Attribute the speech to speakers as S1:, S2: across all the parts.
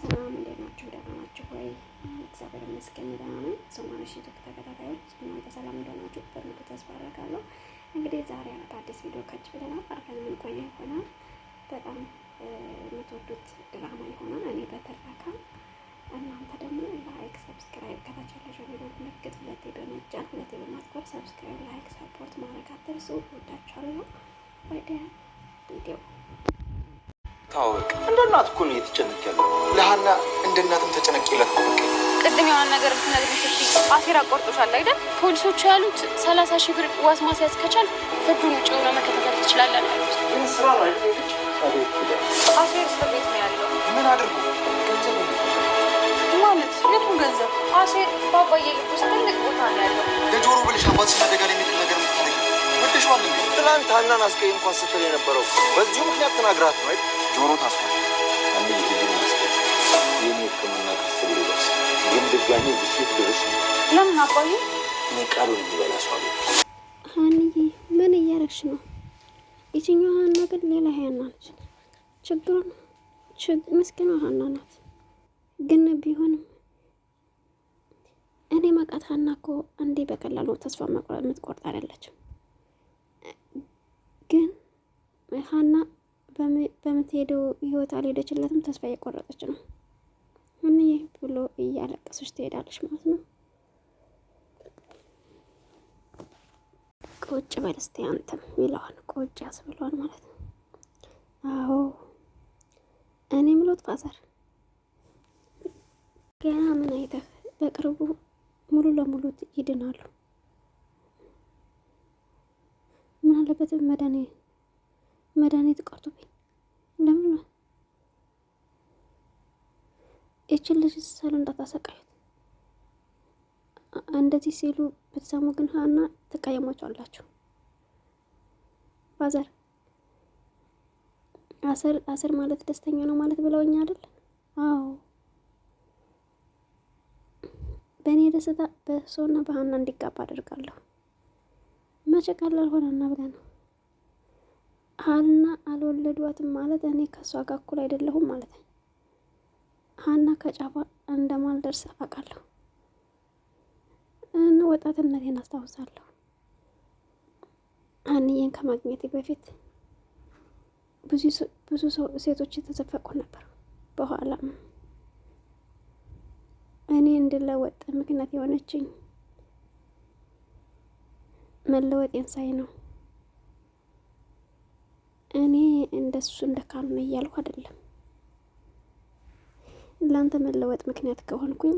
S1: ሰላም ሰላም፣ እንዴት ናችሁ? ደህና ናችሁ ወይ? እግዚአብሔር ይመስገን ደህና ነኝ። ሶማሌሽ ዩቱብ ተከታታዮች እናንተ ሰላም እንደሆናችሁ በሙሉ ተስፋ አደርጋለሁ። እንግዲህ ዛሬ አዲስ ቪዲዮ ከች ብለናል። አብረን የምንቆየ ይሆናል። በጣም የምትወዱት ድራማ ይሆናል። እኔ በትረካ እናንተ ደግሞ ላይክ፣ ሰብስክራይብ ከታች ያለችው ቪዲዮ ምልክት ሁለቴ በመጫን ሁለቴ በማትኮር ሰብስክራይብ፣ ላይክ፣ ሰፖርት ማድረግ አትርሱ። ወዳችኋለሁ። ወደ ቪዲዮ ታወቅ እንደ እናት እኮ ነው የተጨነቅ ያለው። ለሀና እንደ እናትም ተጨነቅለት ነው። ቅድም የሆነ ነገር ብትነግሪኝ አሴር አቆርጦሻል አይደል? ፖሊሶቹ ያሉት ሰላሳ ሺህ ብር ዋስ ማስያዝ ከቻል ፍርዱን ውጭ ሆነ መከታተል ትችላለን አሴር እስር ቤት ነው ያለው። ምን አድርጎ ገንዘብ ማለት የቱን ገንዘብ? አሴር ባባዬ ልብ ውስጥ ትልቅ ቦታ ነው ያለው። ለጆሮ ብልሽ አባት ስናደጋ ላይ ነገር ምትታደግ ወደሽ ዋል ትናንት ሀናን አስቀይ እንኳን ስትል የነበረው በዚሁ ምክንያት ተናግራት ነው ጆሮ ታስሯል። አንድ ጊዜ ይህን የህክምና ክፍል ይበስ ግን ድጋሚ ብሽት ድረስ ለምን እኔ ቃሉን የሚበላ ሰው ሀንዬ ምን እያረግሽ ነው? የትኛው ሀና ግን ሌላ ሀያና ነች። ችግሩን ምስኪኗ ሀና ናት። ግን ቢሆንም እኔ ማቃት ሀና እኮ እንዴ በቀላሉ ተስፋ የምትቆርጥ አይደለችም። ግን ሀና በምትሄደው ህይወት አልሄደችለትም። ተስፋ እየቆረጠች ነው። ይህ ብሎ እያለቀሰች ትሄዳለች ማለት ነው። ቁጭ በል እስቲ አንተም ይለዋል። ቁጭ ያስብለዋል ማለት ነው። አዎ እኔ ምሎት ፋዘር ገና ምን አይተህ በቅርቡ ሙሉ ለሙሉ ይድናሉ። ምን አለበት መዳኔ መድኃኒት ቀርቶብኝ እንደምን ነው ይችን ልጅ ሳሉ እንዳታሰቃዩት እንደዚህ ሲሉ ብትሰሙ ግን ሀና አላቸው። ፋዘር አስር አስር ማለት ደስተኛ ነው ማለት ብለውኛ አይደል? አዎ በእኔ ደስታ በሰውና በሀና እንዲጋባ አደርጋለሁ። መቼ ቀላል ሆነና ብለ ነው ሀና አልወለዷትም ማለት እኔ ከእሷ ጋር እኩል አይደለሁም ማለት ነው። ሀና ከጫፏ እንደማልደርስ አውቃለሁ። እን ወጣትነቴን አስታውሳለሁ። ሀንዬን ከማግኘቴ በፊት ብዙ ሴቶች የተዘፈቁ ነበር። በኋላም እኔ እንድለወጥ ምክንያት የሆነችኝ መለወጤን ሳይ ነው። እኔ እንደሱ እንደካኑ እያልኩ አይደለም። ለአንተ መለወጥ ምክንያት ከሆንኩኝ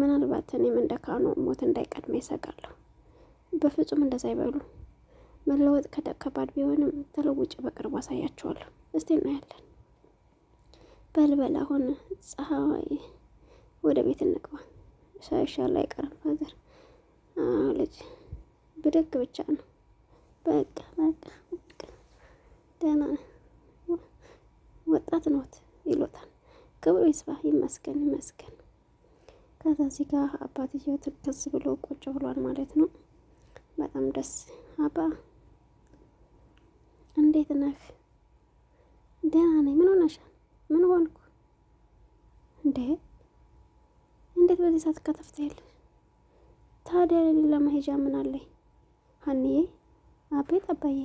S1: ምናልባት እኔም እንደካኑ ሞት እንዳይቀድመ ይሰጋለሁ። በፍጹም እንደዛ አይበሉ። መለወጥ ከባድ ቢሆንም ተለውጭ በቅርቡ አሳያቸዋለሁ። እስቲ እናያለን። በልበል አሁን ፀሐይ፣ ወደ ቤት እንግባ። ሻይሻላ አይቀርም ፋዘር ልጅ ብድግ ብቻ ነው በቃ በቃ በቃ ደህና ወጣት ኖት ይሎታል። ክብሩ ይስፋ ይመስገን ይመስገን። ከዛ እዚህ ጋር አባትየው ትክዝ ብሎ ቁጭ ብሏል ማለት ነው። በጣም ደስ አባ እንዴት ነህ? ደህና ነኝ። ምን ሆነሻል? ምን ሆንኩ እንዴ? እንዴት በዚህ ሰዓት ከተፍትያለሽ? ታዲያ ለሌላ መሄጃ ምን አለኝ ሀኒዬ አቤት አባዬ፣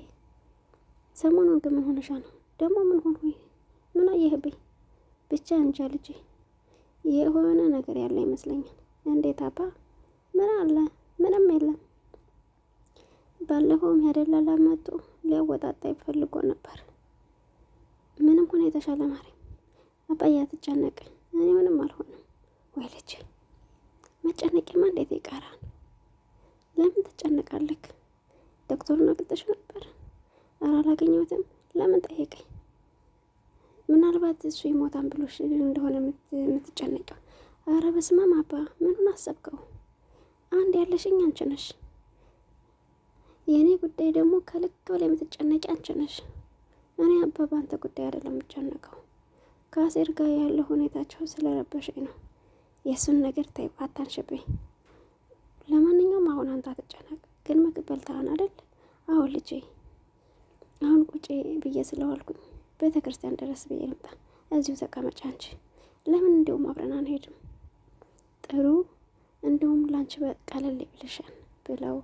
S1: ሰሞኑን ግን ምን ሆነሻ ነው? ደግሞ ምን ሆን ሆይ ምን አየህብኝ? ብቻ እንጃ ልጄ፣ የሆነ ነገር ያለ ይመስለኛል። እንዴት አባ? ምን አለ? ምንም የለም። ባለፈውም ያደላላ መጡ ሊያወጣጣ ይፈልጎ ነበር። ምንም ሆነ የተሻለ ማርያም፣ አባዬ አትጨነቅ፣ እኔ ምንም አልሆንም። ወይ ልጄ፣ መጨነቅማ እንዴት ይቀራል? ለምን ትጨነቃለክ? ዶክተሩን አግኝተሽ ነበር? ኧረ አላገኘሁትም። ለምን ጠየቀኝ? ምናልባት እሱ ይሞታን ብሎሽ እንደሆነ የምትጨነቀው ኧረ በስመ አብ አባ፣ ምኑን አሰብከው? አንድ ያለሽኝ አንቺ ነሽ። የእኔ ጉዳይ ደግሞ ከልክ በላይ የምትጨነቂ አንቺ ነሽ። እኔ አባ በአንተ ጉዳይ አይደለም የምጨነቀው። ከአሴር ጋር ያለው ሁኔታቸው ስለረበሸኝ ነው። የእሱን ነገር ተይ፣ አታንሽብኝ። ለማንኛውም አሁን አንተ አትጨነቅ፣ ግን ምግብ በልተሃል አይደል? አሁን ልጄ፣ አሁን ቁጭ ብዬ ስለዋልኩኝ ቤተ ክርስቲያን ድረስ ብዬ ልምጣ። እዚሁ ተቀመጫ አንቺ። ለምን እንዲሁም አብረን አንሄድም? ጥሩ እንዲሁም ላንቺ በቀለል ይብልሻል ብለው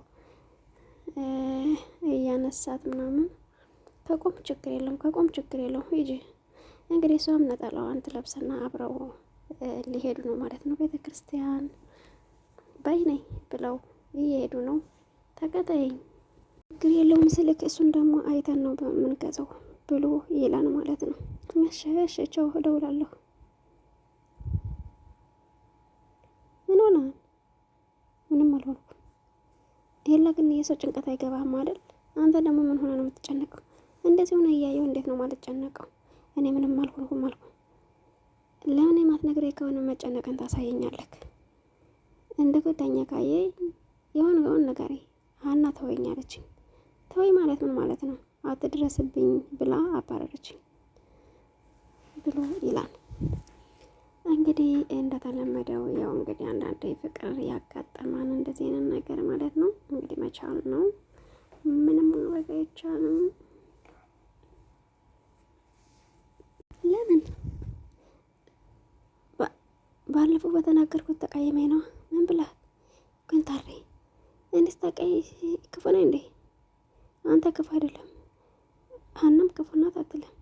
S1: እያነሳት ምናምን ከቆም ችግር የለውም ከቆም ችግር የለውም ሂጂ። እንግዲህ እሷም ነጠላዋን ትለብስና አብረው ሊሄዱ ነው ማለት ነው ቤተ ክርስቲያን። በይ ነይ ብለው እየሄዱ ነው። ተቀጠይኝ ችግር የለውም ስልክ እሱን ደግሞ አይተን ነው በምንገዛው ብሎ ይላል ማለት ነው። መሸሽ ቸው እደውላለሁ። ምን ሆነ? ምንም አልሆንኩም። የላ ግን የሰው ጭንቀት አይገባህም አይደል? አንተ ደግሞ ምን ሆነ ነው የምትጨነቀው? እንደዚህ ሆነ እያየው እንዴት ነው ማለት ጨነቀው? እኔ ምንም አልሆንኩም አልኩ። ለምን የማትነግሬ ከሆነ መጨነቅን ታሳየኛለክ? እንደ ጎዳኛ ካየ የሆነ የሆነ ነገሬ ሀና ተወኛለችኝ ተወይ ማለት ምን ማለት ነው? አትድረስብኝ ብላ አባረረችኝ ብሎ ይላል። እንግዲህ እንደተለመደው ያው እንግዲህ አንዳንዴ ፍቅር ያጋጠማን እንደዚህ አይነት ነገር ማለት ነው። እንግዲህ መቻል ነው፣ ምንም ማድረግ አይቻልም። ለምን ባለፈው በተናገርኩት ተቀየመኝ ነው ምን ብላ ግን ታሬ እንስታቀይ ክፉ ነው እንዴ? አንተ ክፉ አይደለም፣ ሀናም ክፉ ናት አትልም።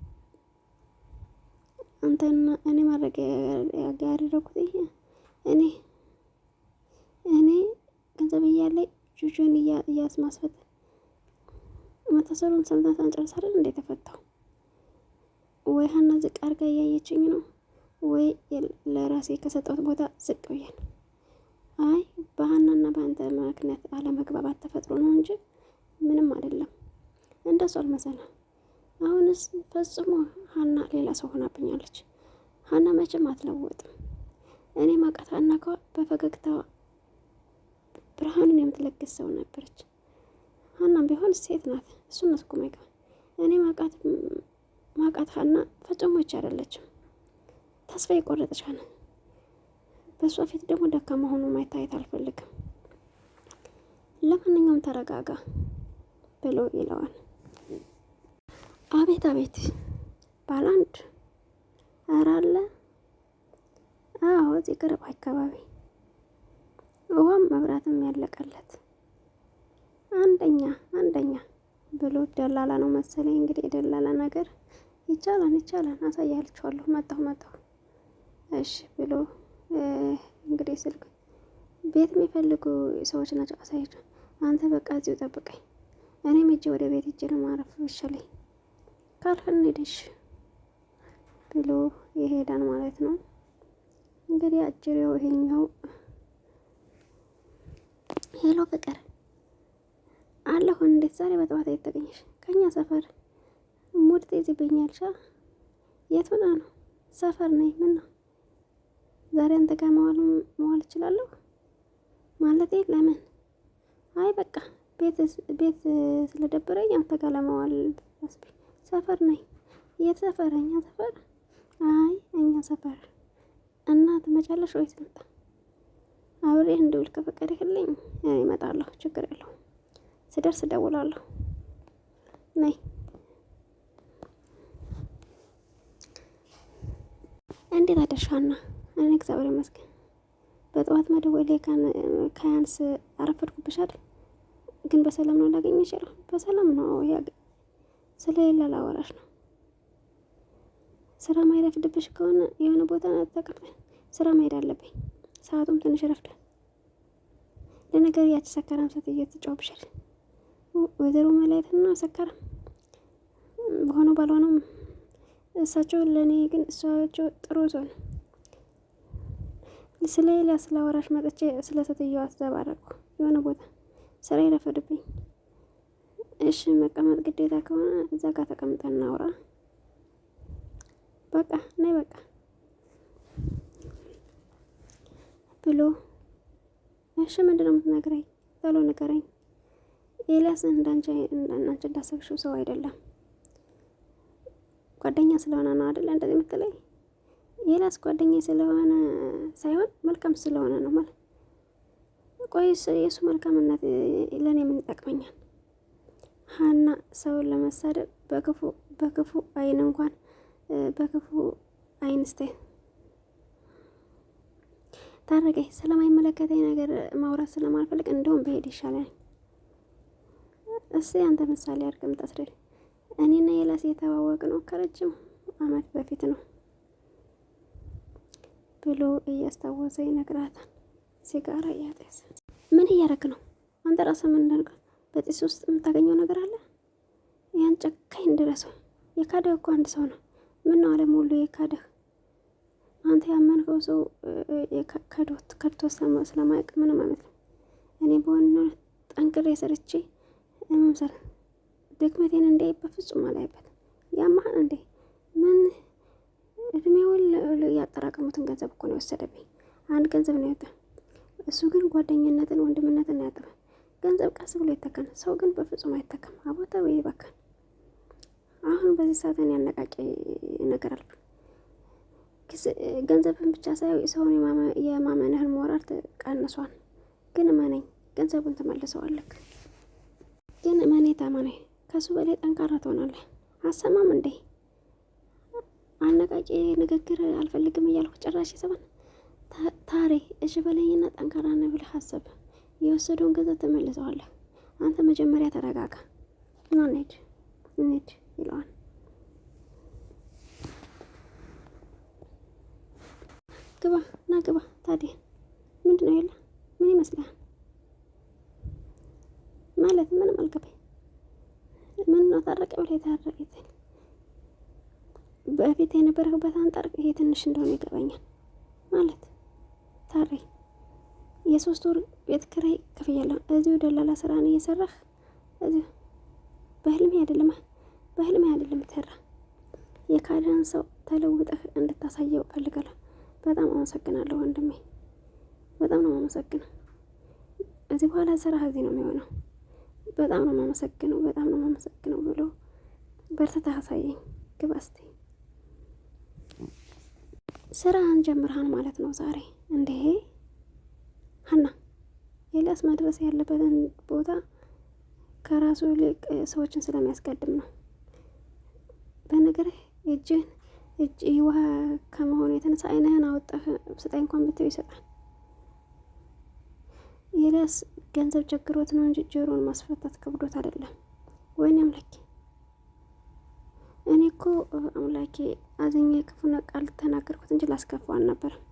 S1: አንተና እኔ ማድረግ ያደረኩት እኔ እኔ ገንዘብ እያለ ጁጁን እያስ መታሰሩን ሰምታት አንጨርሳለን። እንዴት ተፈታው? ወይ ሀና ዝቅ አድርጋ እያየችኝ ነው ወይ ለራሴ ከሰጠሁት ቦታ ዝቅ ብያል። አይ በሀናና በአንተ ምክንያት አለመግባባት ተፈጥሮ ነው እንጂ ምንም አይደለም። እንደሱ አልመሰለ። አሁንስ ፈጽሞ ሀና ሌላ ሰው ሆናብኛለች። ሀና መቼም አትለወጥም። እኔ ማቃት ሀና ከ በፈገግታ ብርሃኑን የምትለግስ ሰው ነበረች። ሀናም ቢሆን ሴት ናት። እሱን ማይቀ እኔ ማቃት ማቃት ሀና ፈጽሞ አይደለችም። ተስፋ የቆረጠች ሀና በእሷ ፊት ደግሞ ደካማ ሆኖ ማይታየት አልፈልግም። ለማንኛውም ተረጋጋ። ብሎ ይለዋል። አቤት አቤት ባላንድ አራለ አለ። አዎ እዚህ ቅርብ አካባቢ ውሃም መብራትም ያለቀለት አንደኛ አንደኛ ብሎ ደላላ ነው መሰለኝ። እንግዲህ የደላላ ነገር ይቻላል ይቻላል፣ አሳያልችኋለሁ፣ መጣሁ መጣሁ፣ እሺ ብሎ እንግዲህ ስልክ ቤት የሚፈልጉ ሰዎች ናቸው። አሳያቸው፣ አንተ በቃ እዚሁ ጠብቀኝ እኔም እጄ ወደ ቤት እጅ ለማረፍ መሰለኝ ካልህን ብሎ ይሄዳል ማለት ነው። እንግዲህ አጭር ይሄኛው ሄሎ ፍቅር አለሁ። እንዴት ዛሬ በጠዋት የተገኘሽ? ከኛ ሰፈር ሙድ ትይዝብኛልሻ። የት ሆና ነው? ሰፈር ነኝ። ምን ነው ዛሬ አንተ ጋር መዋል መዋል እችላለሁ? ማለቴ ለምን? አይ በቃ ቤት ስለደበረኝ አንተ ጋር ለመዋል ሰፈር ነኝ። የት ሰፈር? እኛ ሰፈር። አይ እኛ ሰፈር እና ትመጫለሽ ወይ መጣ? አብሬ እንድውል ከፈቀድክልኝ ይመጣለሁ። ችግር የለውም። ስደርስ እደውላለሁ። ነይ እንዴት አደርሻና? እኔ እግዚአብሔር ይመስገን። በጠዋት መደወሌ ካያንስ አረፈድኩብሻል። ግን በሰላም ነው ላገኝ ይችላል። በሰላም ነው ያገ ስለሌላ ላወራሽ ነው። ስራ ማይረፍድብሽ ከሆነ የሆነ ቦታ ተቀምጠን ስራ መሄድ አለብኝ። ሰዓቱም ትንሽ ረፍደ ለነገር ያቺ ሰካራም ሴትዮ እየተጫወብሻል። ወይዘሮ መላየትና ሰካራም በሆነው ባልሆነውም እሳቸው ለእኔ ግን እሳቸው ጥሩ ሰው ነው። ስለ ሌላ ስለ አወራሽ መጥቼ ስለ ሴትዮዋ የሆነ ቦታ ስራ ይረፈድብኝ። እሺ መቀመጥ ግዴታ ከሆነ እዛ ጋር ተቀምጠን እናውራ። በቃ ነይ በቃ ብሎ እሺ ምንድን ነው የምትነግረኝ? ቶሎ ንገረኝ። ኤልያስ እንዳንቺ እንዳናንቺ እንዳሰብሽው ሰው አይደለም። ጓደኛ ስለሆነ ነው አይደለ እንደዚህ የምትለኝ? ኤልያስ ጓደኛ ስለሆነ ሳይሆን መልካም ስለሆነ ነው ማለት ቆይስ የእሱ መልካምነት ለእኔ ምን ይጠቅመኛል? ሀና ሰውን ለመሳደብ በክፉ በክፉ አይን እንኳን በክፉ አይን አይንስታይን ታረቀኝ ስለማይመለከተኝ ነገር ማውራት ስለማልፈልግ እንደውም በሄድ ይሻላል። እስኪ አንተ ምሳሌ አድርገም ታስረድ እኔና የላስ የተዋወቅ ነው ከረጅም አመት በፊት ነው ብሎ እያስታወሰ ይነግራታል። ሲጋራ እያጤሰ ምን እያደረግ ነው አንተ? ራስ ምን እንዳደርገው በጢስ ውስጥ የምታገኘው ነገር አለ። ያን ጨካኝ እንደረሰው የካደህ እኮ አንድ ሰው ነው። ምን ነው አለም ሁሉ የካደህ አንተ ያመንከው ሰው ከዶት ከድቶ ስለማያውቅ ምንም ማለት ነው። እኔ በሆነ ጠንክሬ ሰርቼ መምሰር ድክመቴን እንዴ በፍጹም አላይበት። ያማህን እንዴ ምን እድሜውን ያጠራቀሙትን ገንዘብ እኮ ነው የወሰደብኝ። አንድ ገንዘብ ነው ያወጣ እሱ ግን ጓደኝነትን ወንድምነትን አያጥርም። ገንዘብ ቀስ ብሎ ይተካል፣ ሰው ግን በፍጹም አይተካም። አቦታ ወይ ይበካል። አሁን በዚህ ሰዓትን ያነቃቂ ነገር አልብን ገንዘብን ብቻ ሳይሆን ሰውን የማመንህን ሞራል ቀንሷል። ግን እመነኝ ገንዘቡን ትመልሰዋለህ። ግን እመኔ ታመኔ ከሱ በላይ ጠንካራ ትሆናለህ። አሰማም እንዴ አነቃቂ ንግግር አልፈልግም እያልኩ ጭራሽ ይሰማል። ታሬ እሺ በለኝና ጠንካራ ነህ ብለህ አስብ። የወሰደውን ገንዘብ ትመልሰዋለህ። አንተ መጀመሪያ ተረጋጋ። ና እንሂድ ይለዋል። ግባ ና ግባ። ታዲያ ምንድን ነው የለ? ምን ይመስልሃል? ማለት ምንም አልገባኝ። ምን ነው ታረቀ ብለህ የታረቀ በፊት የነበረህበት አንጠርቅ ይሄ ትንሽ እንደሆነ ይገባኛል ማለት ታረኝ። የሶስት ወር ቤት ክራይ ከፍያለሁ። እዚሁ ደላላ ስራ ነው እየሰራህ እዚሁ። በህልሜ አይደለም በህልሜ አይደለም ተራ የካደን ሰው ተለውጠህ እንድታሳየው ፈልጋለሁ በጣም አመሰግናለሁ ወንድሜ፣ በጣም ነው አመሰግነው እዚህ በኋላ ስራ እዚህ ነው የሚሆነው። በጣም ነው አመሰግነው፣ በጣም ነው አመሰግነው ብሎ በርትታ አሳየኝ። ግባ እስቲ ስራህን ጀምርሃን ማለት ነው ዛሬ እንዴ ሀና ኤልያስ መድረስ ያለበትን ቦታ ከራሱ ይልቅ ሰዎችን ስለሚያስቀድም ነው። በነገርህ እጅህን እጅ ውሃ ከመሆኑ የተነሳ አይንህን አወጣህ። ስጠኝ እንኳን ብትው ይሰጣል። ኤልያስ ገንዘብ ቸግሮት ነው እንጂ ጆሮን ማስፈታት ከብዶት አይደለም። ወይኔ አምላኬ፣ እኔ እኮ አምላኬ አዝኜ ክፉ ቃል ተናገርኩት እንጂ ላስከፋው አልነበረም።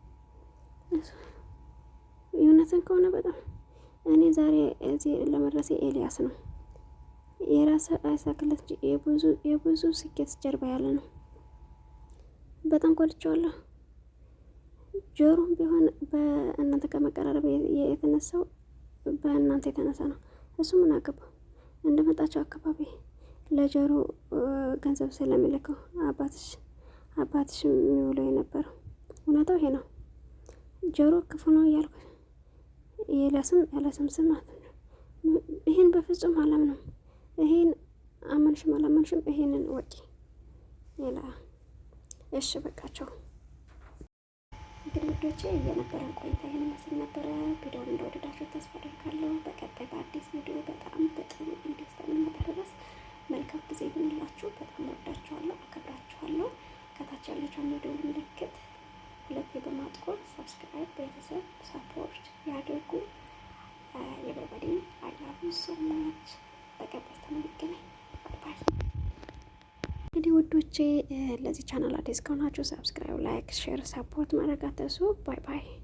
S1: የእውነትን ከሆነ በጣም እኔ ዛሬ እዚህ ለመድረሴ ኤልያስ ነው የራስ አይሳክለት የብዙ ስኬት ጀርባ ያለ ነው። በጣም ኮልቼዋለሁ። ጆሮም ቢሆን በእናንተ ከመቀራረብ የተነሳው በእናንተ የተነሳ ነው። እሱ ምን አገባው? እንደመጣቸው አካባቢ ለጆሮ ገንዘብ ስለሚልከው አባትሽ አባትሽ የሚውለው የነበረው እውነታው ይሄ ነው። ጆሮ ክፉ ነው እያልኩት የለስም ያለስም ስም ይህን በፍጹም አላምነውም። ይህን አመንሽም አላመንሽም ይህንን ወቂ ሌላ እሺ በቃቸው። እንግዲህ ውዶቼ እየነበረን ቆይታ ይህን መስል ነበረ። ቪዲዮን እንደወደዳችሁ ተስፋ አደርጋለሁ። በቀጣይ በአዲስ ቪዲዮ በጣም ኤቭሪባዲ አይ ላቭ በቀጣይ ተመልገናኝ። ባይ። እንግዲህ ውዶቼ ለዚህ ቻናል አዲስ ከሆናችሁ ሰብስክራይብ፣ ላይክ፣ ሼር፣ ሰፖርት ማድረግ አትርሱ። ባይ ባይ።